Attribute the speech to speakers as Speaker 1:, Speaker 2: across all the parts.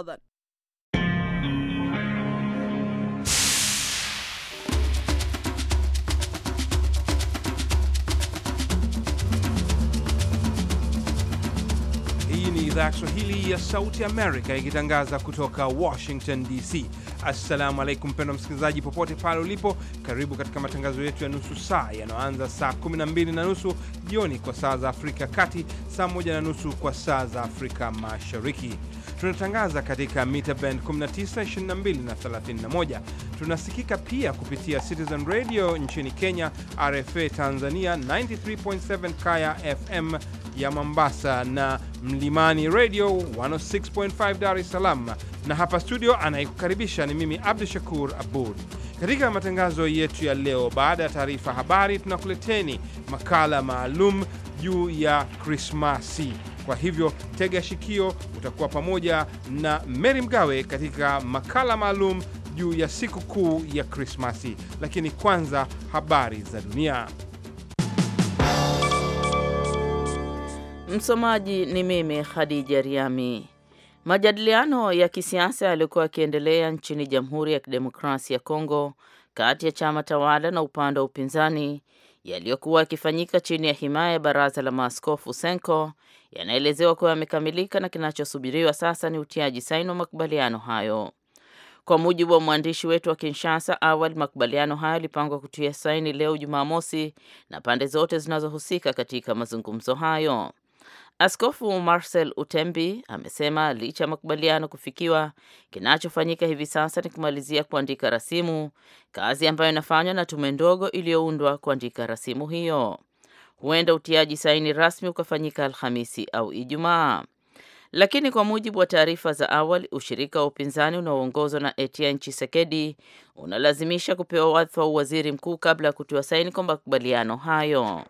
Speaker 1: Badan. Hii ni idhaa ya Kiswahili ya Sauti Amerika ikitangaza kutoka Washington DC. Assalamu alaikum mpendwa msikilizaji, popote pale ulipo, karibu katika matangazo yetu ya nusu saa yanayoanza saa 12 na nusu jioni kwa saa za Afrika kati, saa 1 na nusu kwa saa za Afrika Mashariki Tunatangaza katika mita band 19, 22 na 31. Tunasikika pia kupitia Citizen Radio nchini Kenya, RFA Tanzania 93.7, Kaya FM ya Mombasa na Mlimani Radio 106.5 Dar es Salaam. Na hapa studio anayekukaribisha ni mimi Abdu Shakur Abud. Katika matangazo yetu ya leo, baada ya taarifa habari, tunakuleteni makala maalum juu ya Krismasi. Kwa hivyo tega shikio, utakuwa pamoja na Mary Mgawe katika makala maalum juu ya siku kuu ya Krismasi. Lakini kwanza habari za dunia.
Speaker 2: Msomaji ni mimi Khadija Riami. Majadiliano ya kisiasa yaliyokuwa yakiendelea nchini Jamhuri ya Kidemokrasia ya Kongo kati ya chama tawala na upande wa upinzani yaliyokuwa yakifanyika chini ya himaya ya baraza la maaskofu Senko yanaelezewa kuwa yamekamilika na kinachosubiriwa sasa ni utiaji saini wa makubaliano hayo. Kwa mujibu wa mwandishi wetu wa Kinshasa, awali makubaliano hayo yalipangwa kutia saini leo Jumamosi na pande zote zinazohusika katika mazungumzo hayo. Askofu Marcel Utembi amesema licha ya makubaliano kufikiwa, kinachofanyika hivi sasa ni kumalizia kuandika rasimu, kazi ambayo inafanywa na tume ndogo iliyoundwa kuandika rasimu hiyo. Huenda utiaji saini rasmi ukafanyika Alhamisi au Ijumaa. Lakini kwa mujibu wa taarifa za awali, ushirika wa upinzani unaoongozwa na Etienne chisekedi unalazimisha kupewa wadhifa wa waziri mkuu kabla ya kutiwa saini kwa makubaliano hayo.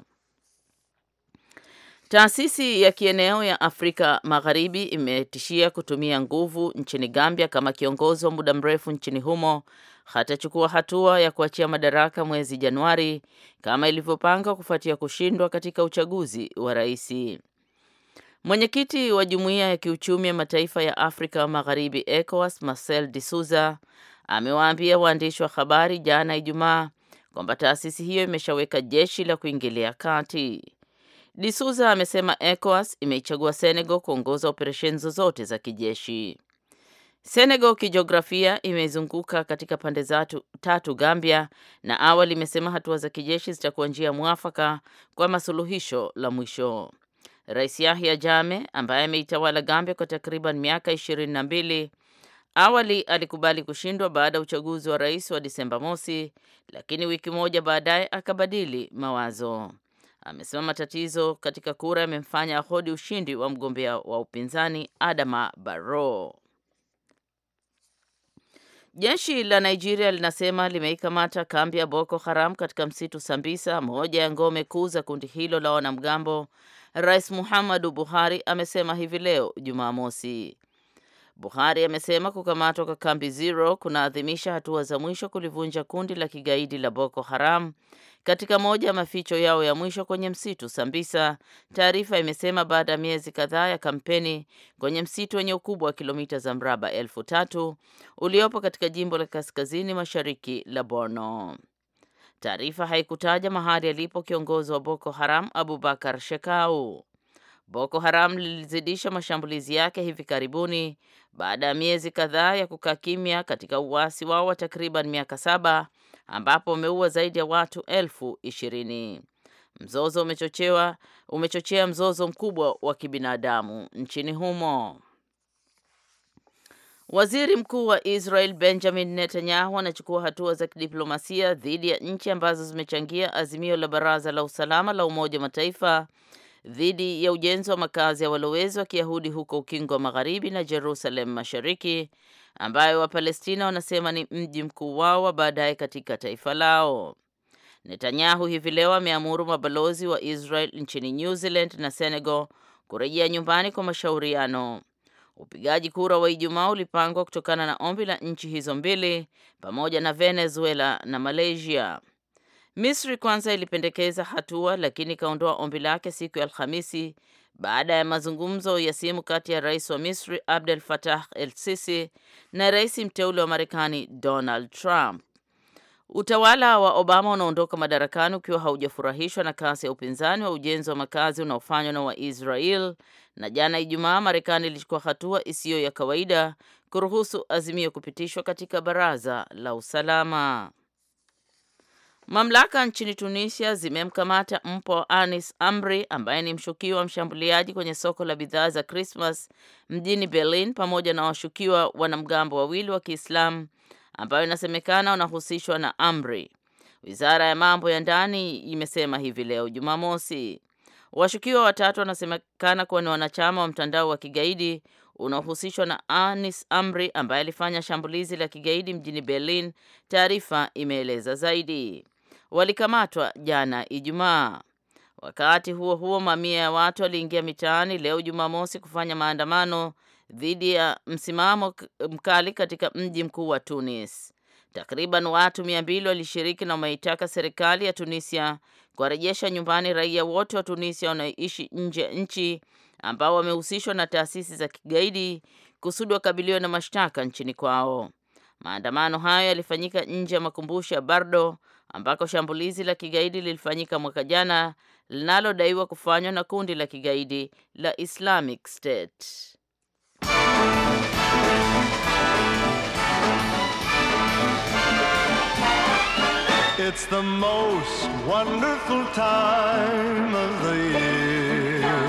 Speaker 2: Taasisi ya kieneo ya Afrika Magharibi imetishia kutumia nguvu nchini Gambia kama kiongozi wa muda mrefu nchini humo hatachukua hatua ya kuachia madaraka mwezi Januari kama ilivyopanga kufuatia kushindwa katika uchaguzi wa rais. Mwenyekiti wa Jumuiya ya Kiuchumi ya Mataifa ya Afrika Magharibi ECOWAS, Marcel de Souza amewaambia waandishi wa habari jana Ijumaa kwamba taasisi hiyo imeshaweka jeshi la kuingilia kati disuza amesema ECOWAS imeichagua Senegal kuongoza operesheni zozote za kijeshi. Senegal kijiografia imezunguka katika pande zatu, tatu Gambia na awali imesema hatua za kijeshi zitakuwa njia mwafaka kwa masuluhisho la mwisho. Rais Yahya jame ambaye ameitawala Gambia kwa takriban miaka ishirini na mbili awali alikubali kushindwa baada ya uchaguzi wa rais wa Disemba mosi, lakini wiki moja baadaye akabadili mawazo amesema matatizo katika kura yamemfanya ahodi ushindi wa mgombea wa upinzani Adama Barrow. Jeshi la Nigeria linasema limeikamata kambi ya Boko Haram katika msitu Sambisa, moja ya ngome kuu za kundi hilo la wanamgambo. Rais Muhammadu Buhari amesema hivi leo Jumamosi. Buhari amesema kukamatwa kwa kambi Zero kunaadhimisha hatua za mwisho kulivunja kundi la kigaidi la Boko Haram katika moja ya maficho yao ya mwisho kwenye msitu Sambisa. Taarifa imesema baada ya miezi kadhaa ya kampeni kwenye msitu wenye ukubwa wa kilomita za mraba elfu tatu uliopo katika jimbo la kaskazini mashariki la Borno. Taarifa haikutaja mahali alipo kiongozi wa Boko Haram Abubakar Shekau. Boko Haram lilizidisha mashambulizi yake hivi karibuni baada ya miezi kadhaa ya kukaa kimya katika uasi wao wa takriban miaka saba ambapo wameua zaidi ya watu elfu ishirini. Mzozo umechochewa umechochea mzozo mkubwa wa kibinadamu nchini humo. Waziri Mkuu wa Israel Benjamin Netanyahu anachukua hatua za kidiplomasia dhidi ya nchi ambazo zimechangia azimio la Baraza la Usalama la Umoja wa Mataifa dhidi ya ujenzi wa makazi ya walowezi wa Kiyahudi huko Ukingo wa Magharibi na Jerusalem Mashariki ambayo Wapalestina wanasema ni mji mkuu wao wa baadaye katika taifa lao. Netanyahu hivi leo ameamuru mabalozi wa Israel nchini New Zealand na Senegal kurejea nyumbani kwa mashauriano. Upigaji kura wa Ijumaa ulipangwa kutokana na ombi la nchi hizo mbili pamoja na Venezuela na Malaysia. Misri kwanza ilipendekeza hatua lakini ikaondoa ombi lake siku ya Alhamisi baada ya mazungumzo ya simu kati ya rais wa Misri Abdel Fattah El Sisi na rais mteule wa Marekani Donald Trump. Utawala wa Obama unaondoka madarakani ukiwa haujafurahishwa na kasi ya upinzani wa ujenzi wa makazi unaofanywa na Waisrael, na jana Ijumaa Marekani ilichukua hatua isiyo ya kawaida kuruhusu azimio kupitishwa katika Baraza la Usalama. Mamlaka nchini Tunisia zimemkamata mpo Anis Amri ambaye ni mshukiwa wa mshambuliaji kwenye soko la bidhaa za Krismas mjini Berlin pamoja na washukiwa wanamgambo wawili wa Kiislamu ambayo inasemekana wanahusishwa na Amri. Wizara ya mambo ya ndani imesema hivi leo Jumamosi. Washukiwa watatu wanasemekana kuwa ni wanachama wa mtandao wa kigaidi unaohusishwa na Anis Amri ambaye alifanya shambulizi la kigaidi mjini Berlin, taarifa imeeleza zaidi walikamatwa jana Ijumaa. Wakati huo huo, mamia ya watu waliingia mitaani leo Jumamosi kufanya maandamano dhidi ya msimamo mkali katika mji mkuu wa Tunis. Takriban watu mia mbili walishiriki na wameitaka serikali ya Tunisia kuwarejesha nyumbani raia wote wa Tunisia wanaoishi nje ya nchi ambao wamehusishwa na taasisi za kigaidi kusudi wakabiliwe na mashtaka nchini kwao. Maandamano hayo yalifanyika nje ya makumbusho ya Bardo ambako shambulizi la kigaidi lilifanyika mwaka jana linalodaiwa kufanywa na kundi la kigaidi la Islamic State.
Speaker 3: It's the most wonderful time of the year.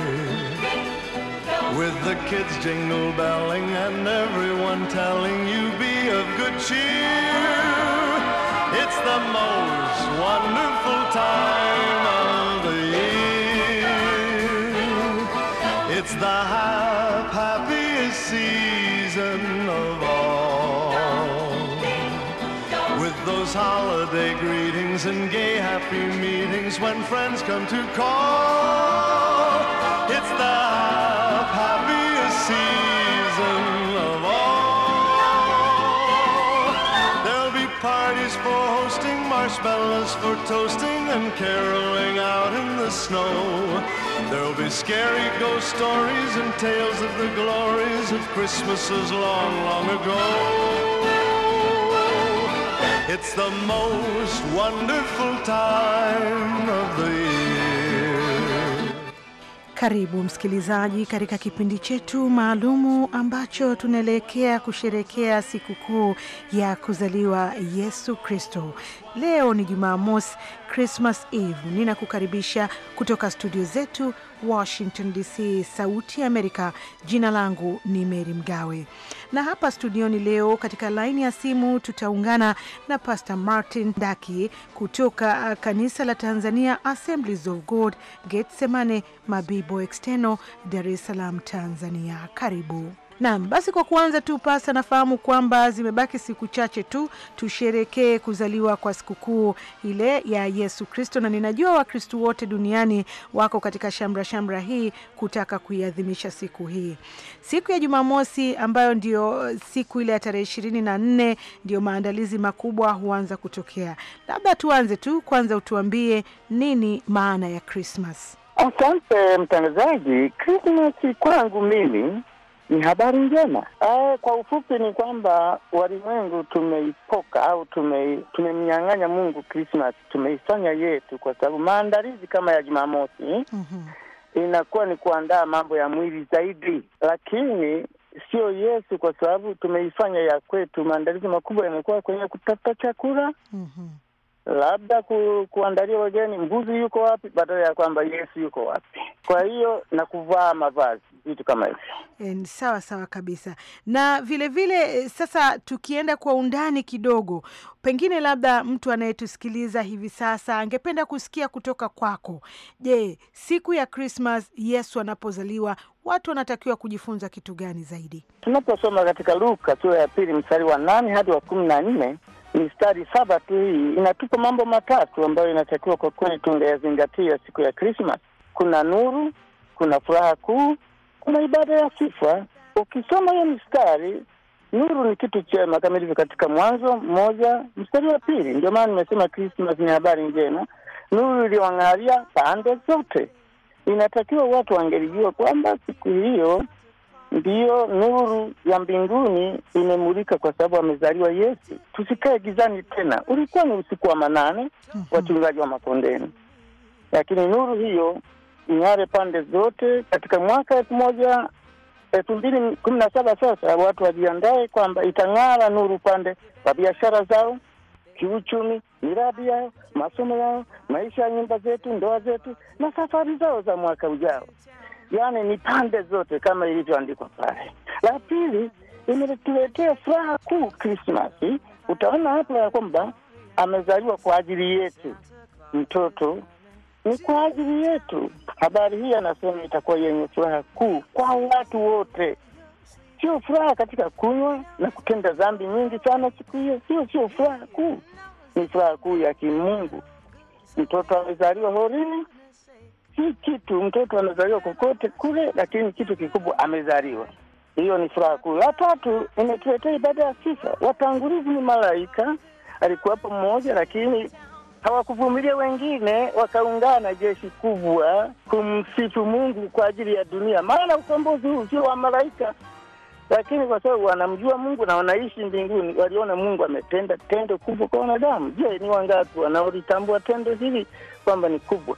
Speaker 3: With the kids jingle belling and everyone telling you be of good cheer. the most wonderful time of the year. It's the happiest season of all. With those holiday greetings and gay happy meetings when friends come to call. It's the happiest season. marshmallows for toasting and caroling out in the snow. There'll be scary ghost stories and tales of the glories of Christmases long, long ago. It's the most wonderful time of the year.
Speaker 4: Karibu msikilizaji katika kipindi chetu maalumu ambacho tunaelekea kusherekea sikukuu ya kuzaliwa Yesu Kristo. Leo ni Jumamosi, Christmas Eve. Ninakukaribisha kutoka studio zetu Washington DC, Sauti ya Amerika. Jina langu ni Meri Mgawe, na hapa studioni leo katika laini ya simu tutaungana na Pastor Martin Daki kutoka uh, kanisa la Tanzania Assemblies of God Getsemane, Mabibo Exteno, Dar es Salaam, Tanzania. Karibu. Naam, basi kwa kuanza tu pasa, nafahamu kwamba zimebaki siku chache tu tusherekee kuzaliwa kwa sikukuu ile ya Yesu Kristo, na ninajua Wakristo wote duniani wako katika shamra shamra hii kutaka kuiadhimisha siku hii, siku ya Jumamosi ambayo ndio eh, siku ile ya tarehe ishirini na nne ndio maandalizi makubwa huanza kutokea. Labda tuanze tu kwanza, utuambie nini maana ya Krismas? Asante
Speaker 5: mtangazaji. Krismas kwangu mimi ni habari njema. Eh, kwa ufupi ni kwamba walimwengu tumeipoka au tumemnyang'anya tume Mungu Krismas, tumeifanya yetu, kwa sababu maandalizi kama ya Jumamosi mm -hmm. inakuwa ni kuandaa mambo ya mwili zaidi, lakini sio Yesu, kwa sababu tumeifanya ya kwetu. Maandalizi makubwa yamekuwa kwenye kutafuta chakula mm -hmm labda ku, kuandalia wageni mbuzi yuko wapi, badala ya kwamba Yesu yuko wapi. Kwa hiyo na kuvaa mavazi, vitu kama hivyo
Speaker 4: e, ni sawa sawa kabisa. Na vilevile vile, e, sasa tukienda kwa undani kidogo, pengine labda mtu anayetusikiliza hivi sasa angependa kusikia kutoka kwako. Je, siku ya Christmas Yesu anapozaliwa watu wanatakiwa kujifunza kitu gani zaidi?
Speaker 5: Tunaposoma katika Luka sura ya pili mstari wa nane hadi wa kumi na nne mistari saba tu hii inatupa mambo matatu ambayo inatakiwa kwa kweli tungeyazingatia siku ya Krismas. Kuna nuru, kuna furaha kuu, kuna ibada ya sifa. Ukisoma hiyo mistari, nuru ni kitu chema kama ilivyo katika Mwanzo mmoja mstari wa pili. Ndio maana nimesema Krismas ni habari njema, nuru iliyoang'aria pande zote. Inatakiwa watu wangelijua kwamba siku hiyo Ndiyo nuru ya mbinguni imemulika, kwa sababu amezaliwa Yesu. Tusikae gizani tena. Ulikuwa ni usiku wa manane, mhm. wachungaji wa makondeni, lakini nuru hiyo ing'are pande zote. Katika mwaka elfu moja elfu mbili kumi na saba sasa watu wajiandae kwamba itang'ara nuru pande wa biashara zao, kiuchumi, miradi yao, masomo yao, maisha ya nyumba zetu, ndoa zetu na safari zao za mwaka ujao yani ni pande zote kama ilivyoandikwa pale. La pili, imetuletea furaha kuu Krismasi. Utaona hapo ya kwamba amezaliwa kwa ajili yetu, mtoto ni kwa ajili yetu. Habari hii anasema itakuwa yenye furaha kuu kwa watu wote, sio furaha katika kunywa na kutenda dhambi nyingi sana siku hiyo, sio sio furaha kuu, ni furaha kuu ya kimungu. Mtoto amezaliwa horini si kitu, mtoto anazaliwa kokote kule, lakini kitu kikubwa amezaliwa. Hiyo ni furaha kuu. La tatu imetuletea ibada ya sifa. Watangulizi ni malaika, alikuwapo mmoja, lakini hawakuvumilia wengine, wakaungana jeshi kubwa kumsifu Mungu kwa ajili ya dunia, maana ukombozi huu sio wa malaika lakini kwa sababu wanamjua Mungu na wanaishi mbinguni, waliona Mungu ametenda tendo kubwa kwa wanadamu. Je, ni wangapi wanaolitambua tendo hili kwamba ni kubwa?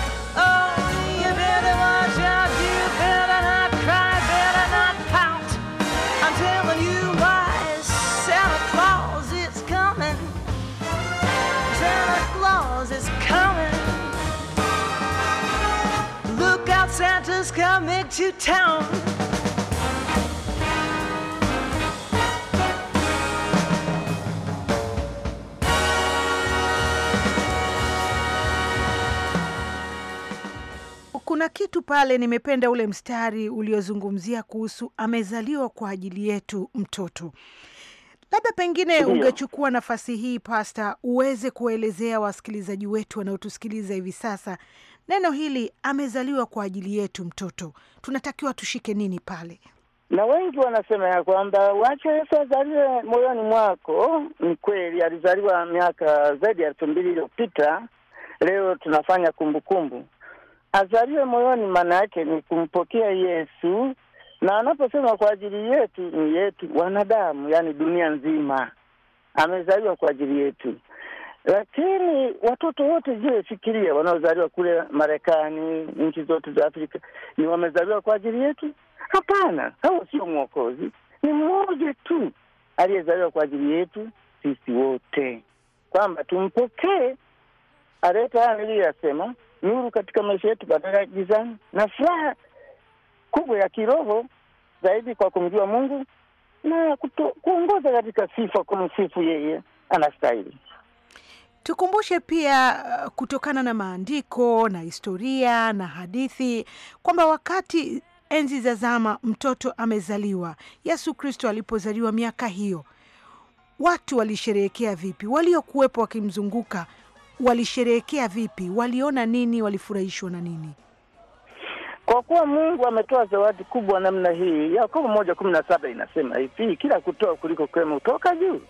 Speaker 6: coming to town.
Speaker 4: Kuna kitu pale, nimependa ule mstari uliozungumzia kuhusu amezaliwa kwa ajili yetu mtoto. Labda pengine ungechukua nafasi hii Pasta, uweze kuwaelezea wasikilizaji wetu wanaotusikiliza hivi sasa neno hili amezaliwa kwa ajili yetu, mtoto, tunatakiwa tushike nini pale? Na wengi
Speaker 5: wanasema ya kwamba wacha Yesu azaliwe moyoni mwako. Ni kweli, alizaliwa miaka zaidi ya elfu mbili iliyopita. Leo tunafanya kumbukumbu kumbu. Azaliwe moyoni, maana yake ni kumpokea Yesu, na anaposema kwa ajili yetu, ni yetu wanadamu, yaani dunia nzima. Amezaliwa kwa ajili yetu. Lakini watoto wote, je, fikiria wanaozaliwa kule Marekani, nchi zote za Afrika, ni wamezaliwa kwa ajili yetu? Hapana, hao sio mwokozi. Ni mmoja tu aliyezaliwa kwa ajili yetu sisi wote, kwamba tumpokee, alete haya niliyoyasema, nuru katika maisha yetu badala ya gizani, na furaha kubwa ya kiroho zaidi kwa kumjua Mungu na kuongoza katika sifa, kumsifu yeye anastahili.
Speaker 4: Tukumbushe pia eh, kutokana na maandiko na historia na hadithi kwamba wakati enzi za zama mtoto amezaliwa, Yesu Kristo alipozaliwa miaka hiyo, watu walisherehekea vipi? Waliokuwepo wakimzunguka walisherehekea vipi? Waliona nini? Walifurahishwa na nini?
Speaker 5: Kwa kuwa Mungu ametoa zawadi kubwa namna hii. Yakobo moja kumi na saba inasema hivi, kila kutoa kuliko kwema toka juu.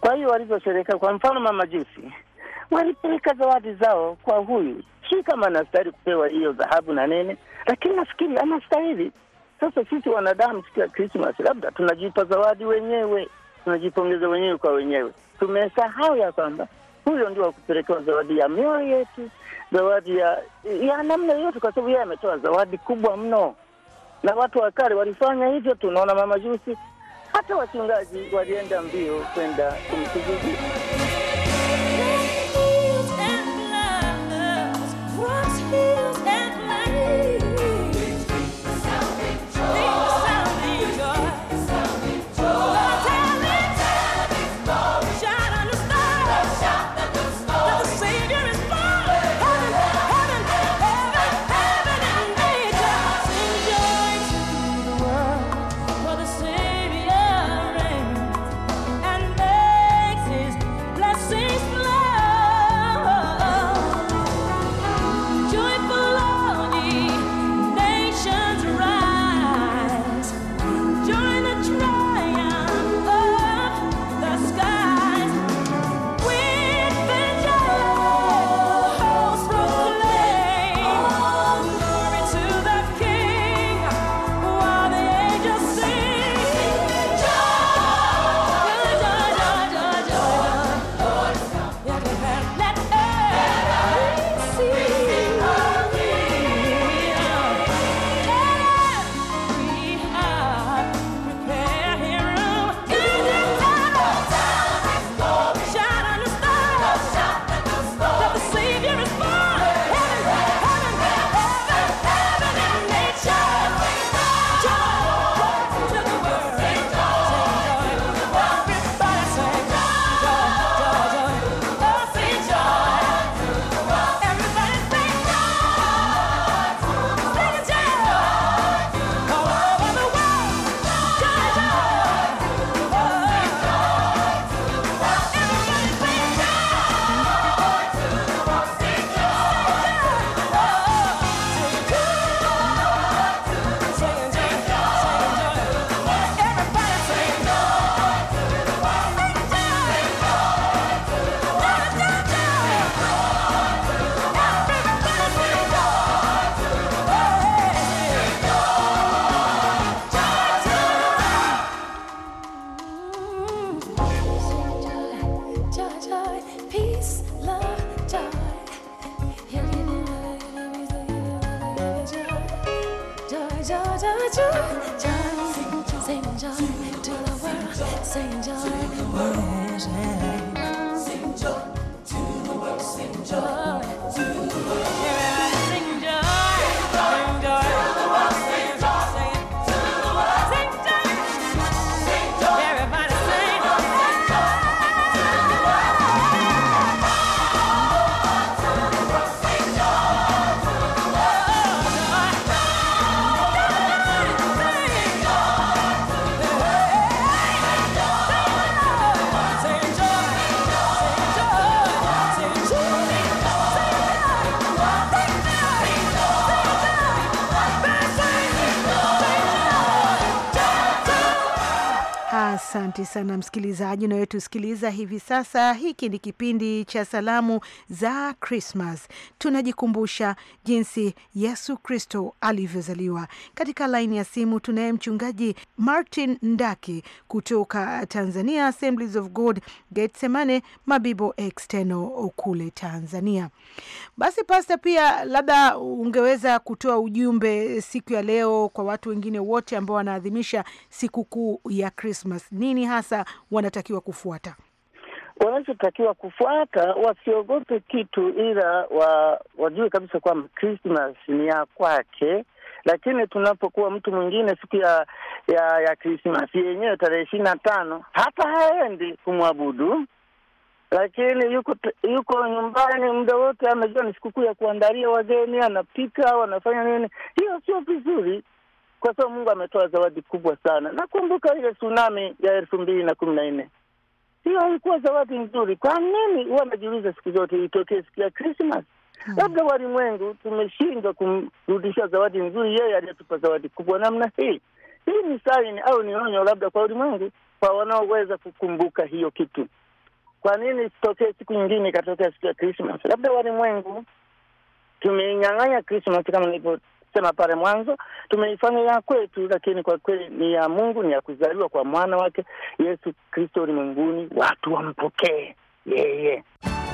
Speaker 5: Kwa hiyo walivyosherehekea, kwa mfano mamajusi walipeleka zawadi zao kwa huyu, si kama anastahili kupewa hiyo dhahabu na nini lakini nafikiri anastahili. Sasa sisi wanadamu, siku ya Krismas, labda tunajipa zawadi wenyewe, tunajipongeza wenyewe kwa wenyewe. Tumesahau ya kwamba huyo ndio wakupelekewa zawadi ya mioyo yetu, zawadi ya ya namna yote, kwa sababu yeye ametoa zawadi kubwa mno, na watu wa kale walifanya hivyo. Tunaona jusi, hata wachungaji walienda mbio kwenda kumsujudia.
Speaker 6: the world Sing joy to the world, sing joy.
Speaker 4: Asante sana msikilizaji unayotusikiliza hivi sasa. Hiki ni kipindi cha salamu za Krismas, tunajikumbusha jinsi Yesu Kristo alivyozaliwa. Katika laini ya simu tunaye mchungaji Martin Ndaki kutoka Tanzania Assemblies of God Getsemane Mabibo Exteno kule Tanzania. Basi Pasta, pia labda ungeweza kutoa ujumbe siku ya leo kwa watu wengine wote ambao wanaadhimisha sikukuu ya Krismas, nini hasa wanatakiwa kufuata? Wanachotakiwa
Speaker 5: kufuata, wasiogope kitu, ila wa, wajue kabisa kwamba Krismas ni ya kwake lakini tunapokuwa mtu mwingine siku ya ya ya Krismasi yenyewe tarehe ishirini na tano hata haendi kumwabudu, lakini yuko yuko nyumbani muda wote, amejua ni sikukuu ya kuandalia wageni, anapika wanafanya nini. Hiyo sio vizuri kwa sababu Mungu ametoa zawadi kubwa sana. Nakumbuka ile tsunami ya elfu mbili na kumi na nne hiyo ilikuwa zawadi nzuri. Kwa nini? Huwa najiuliza siku zote itokee siku ya Krismas. Hmm. Labda walimwengu tumeshindwa kumrudisha zawadi nzuri yeye aliyetupa zawadi kubwa namna hii. Hii ni saini au ni onyo labda kwa ulimwengu, kwa wanaoweza kukumbuka hiyo kitu. Kwa nini isitokee siku nyingine, ikatokea siku ya Krismas? Labda walimwengu tumeinyang'anya Krismas kama nilivyo sema pale mwanzo, tumeifanya ya kwetu, lakini kwa kweli ni ya Mungu, ni ya kuzaliwa kwa mwana wake Yesu Kristo ulimwenguni, watu wampokee yeye yeah, yeah.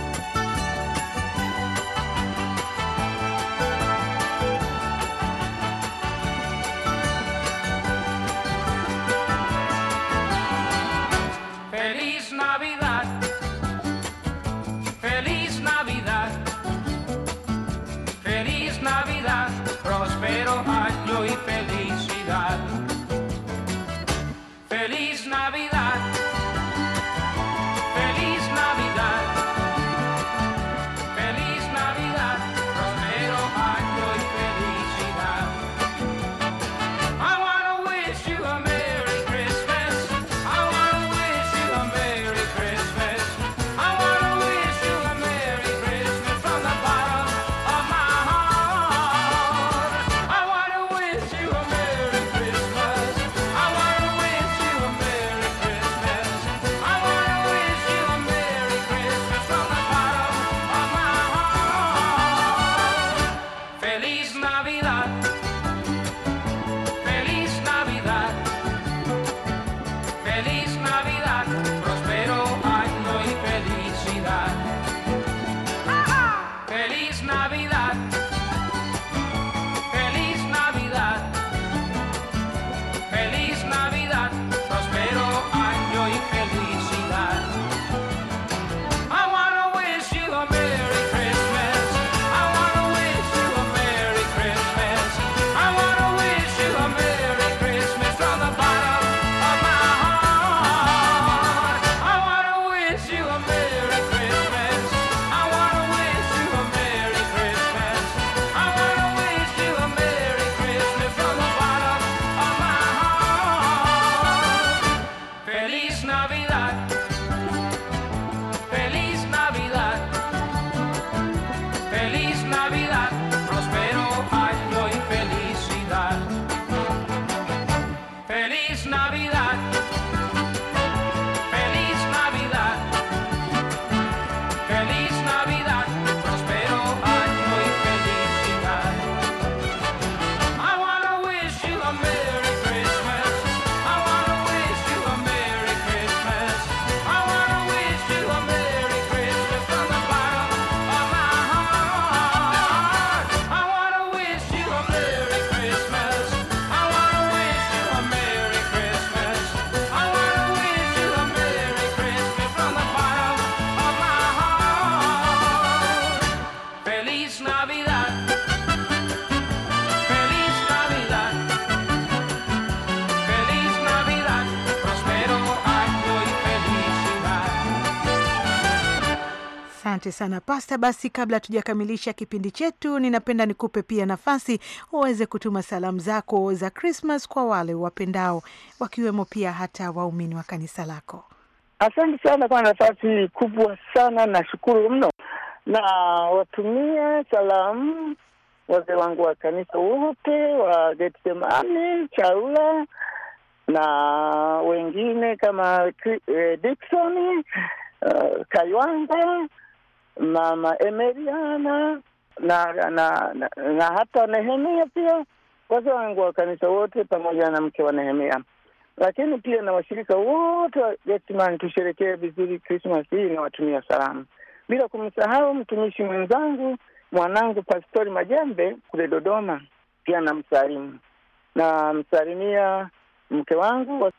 Speaker 4: Asante sana Pasta. Basi kabla tujakamilisha kipindi chetu, ninapenda nikupe pia nafasi uweze kutuma salamu zako za Krismas kwa wale wapendao, wakiwemo pia hata waumini wa kanisa lako.
Speaker 5: Asante sana kwa nafasi kubwa sana, nashukuru mno, na watumie salamu wazee wangu wa kanisa wote wa Getsemani, Chaula na wengine kama eh, Dikson uh, eh, Kaywanza mama Emeriana na na, na na hata Nehemia pia wazee wangu wa kanisa wote pamoja na mke wa Nehemia, lakini pia na washirika wote wa Gethsemane tusherekee vizuri krismas hii na watumia salamu, bila kumsahau mtumishi mwenzangu mwanangu Pastori Majembe kule Dodoma, pia namsalimu namsalimia mke wangu,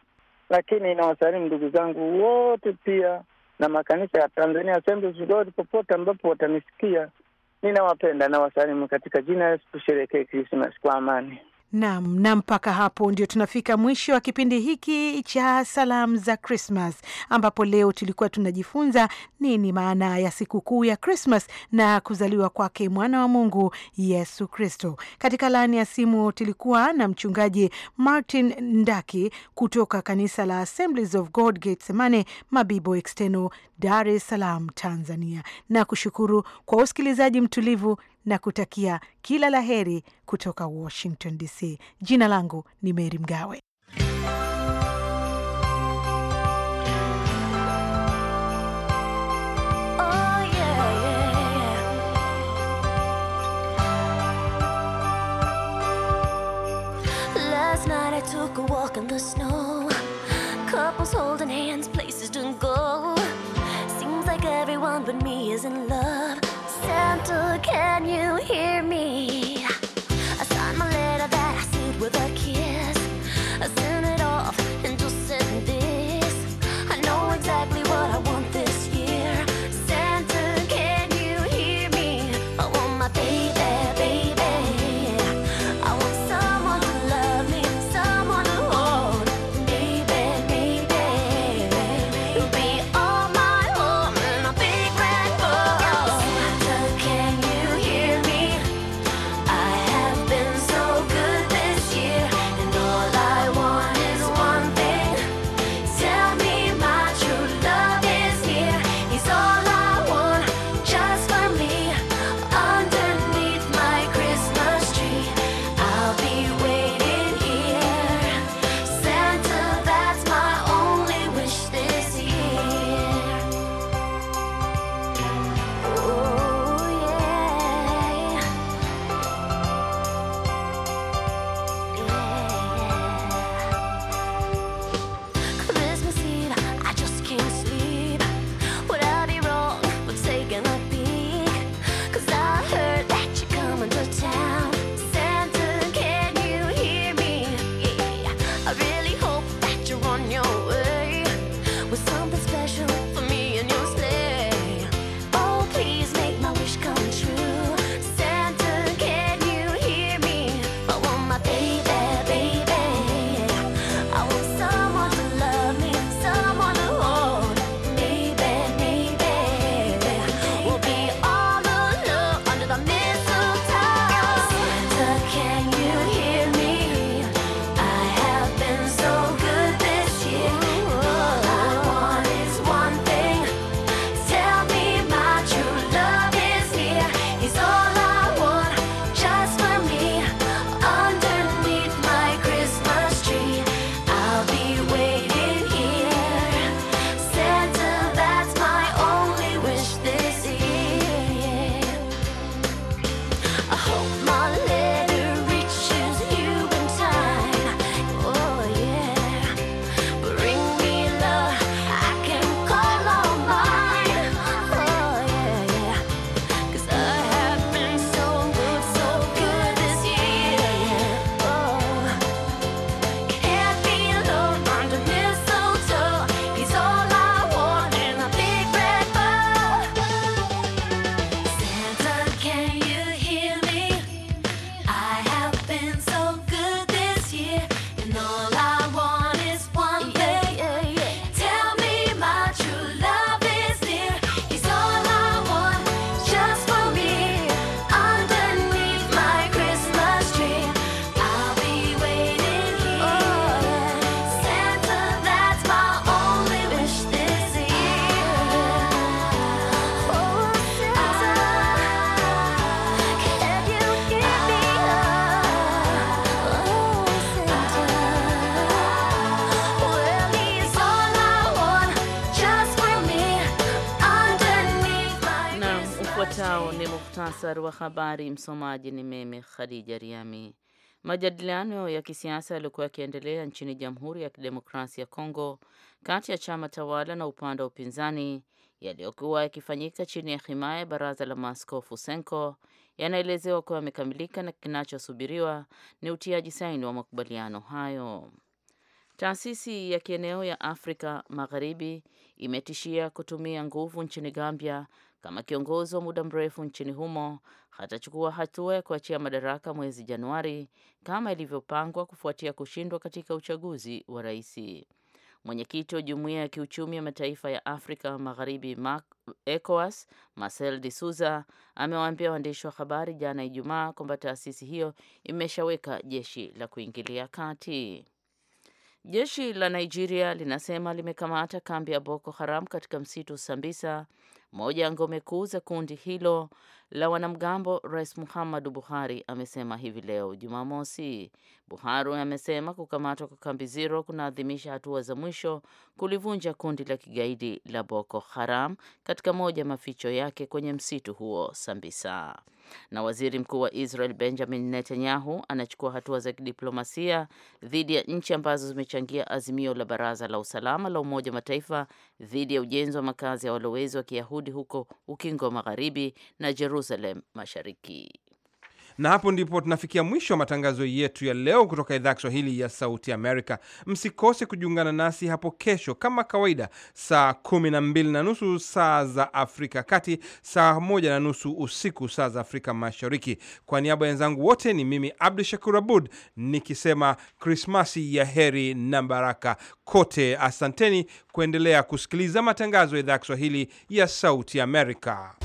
Speaker 5: lakini nawasalimu ndugu zangu wote pia na makanisa ya Tanzania Assemblies of God popote ambapo watanisikia, ninawapenda na wasalimu katika jina la Yesu. Tusherekee Krismasi kwa amani.
Speaker 4: Nam na mpaka hapo ndio tunafika mwisho wa kipindi hiki cha salamu za Krismas, ambapo leo tulikuwa tunajifunza nini maana ya sikukuu ya Krismas na kuzaliwa kwake mwana wa Mungu Yesu Kristo. Katika laani ya simu tulikuwa na mchungaji Martin Ndaki kutoka kanisa la Assemblies of God Getsemane, Mabibo Exteno, Dar es Salaam, Tanzania, na kushukuru kwa usikilizaji mtulivu na kutakia kila la heri kutoka Washington DC. Jina langu ni Meri Mgawe.
Speaker 7: took a walk in the snow. Couples holding hands, places go. Seems like everyone but me is in love. gentle, can you hear me?
Speaker 2: Muhtasari wa habari, msomaji ni mimi Khadija Riami. Majadiliano ya kisiasa yalikuwa yakiendelea nchini Jamhuri ya Kidemokrasia ya Kongo kati ya chama tawala na upande wa upinzani yaliyokuwa yakifanyika chini ya himaya ya Baraza la Maaskofu Senko yanaelezewa kuwa yamekamilika na kinachosubiriwa ni utiaji saini wa makubaliano hayo. Taasisi ya kieneo ya Afrika Magharibi imetishia kutumia nguvu nchini Gambia kama kiongozi wa muda mrefu nchini humo hatachukua hatua ya kuachia madaraka mwezi Januari kama ilivyopangwa kufuatia kushindwa katika uchaguzi wa rais. Mwenyekiti wa Jumuiya ya Kiuchumi ya Mataifa ya Afrika Magharibi ECOWAS, Marcel de Souza amewaambia waandishi wa habari jana Ijumaa kwamba taasisi hiyo imeshaweka jeshi la kuingilia kati. Jeshi la Nigeria linasema limekamata kambi ya Boko Haram katika msitu Sambisa, moja ya ngome kuu za kundi hilo la wanamgambo, Rais Muhammadu Buhari amesema hivi leo Jumamosi. Buhari amesema kukamatwa kwa kambi Zero kunaadhimisha hatua za mwisho kulivunja kundi la kigaidi la Boko Haram katika moja ya maficho yake kwenye msitu huo Sambisa. Na waziri mkuu wa Israel Benjamin Netanyahu anachukua hatua za kidiplomasia dhidi ya nchi ambazo zimechangia azimio la Baraza la Usalama la Umoja wa Mataifa dhidi ya ujenzi wa makazi ya walowezi wa Kiyahudi huko Ukingo wa Magharibi na Jeru Jerusalem Mashariki.
Speaker 1: Na hapo ndipo tunafikia mwisho wa matangazo yetu ya leo kutoka idhaa ya Kiswahili ya Sauti Amerika. Msikose kujiungana nasi hapo kesho kama kawaida, saa kumi na mbili na nusu saa za Afrika Kati, saa moja na nusu usiku saa za Afrika Mashariki. Kwa niaba ya wenzangu wote, ni mimi Abdu Shakur Abud nikisema Krismasi ya heri na baraka kote. Asanteni kuendelea kusikiliza matangazo ya idhaa ya Kiswahili ya Sauti Amerika.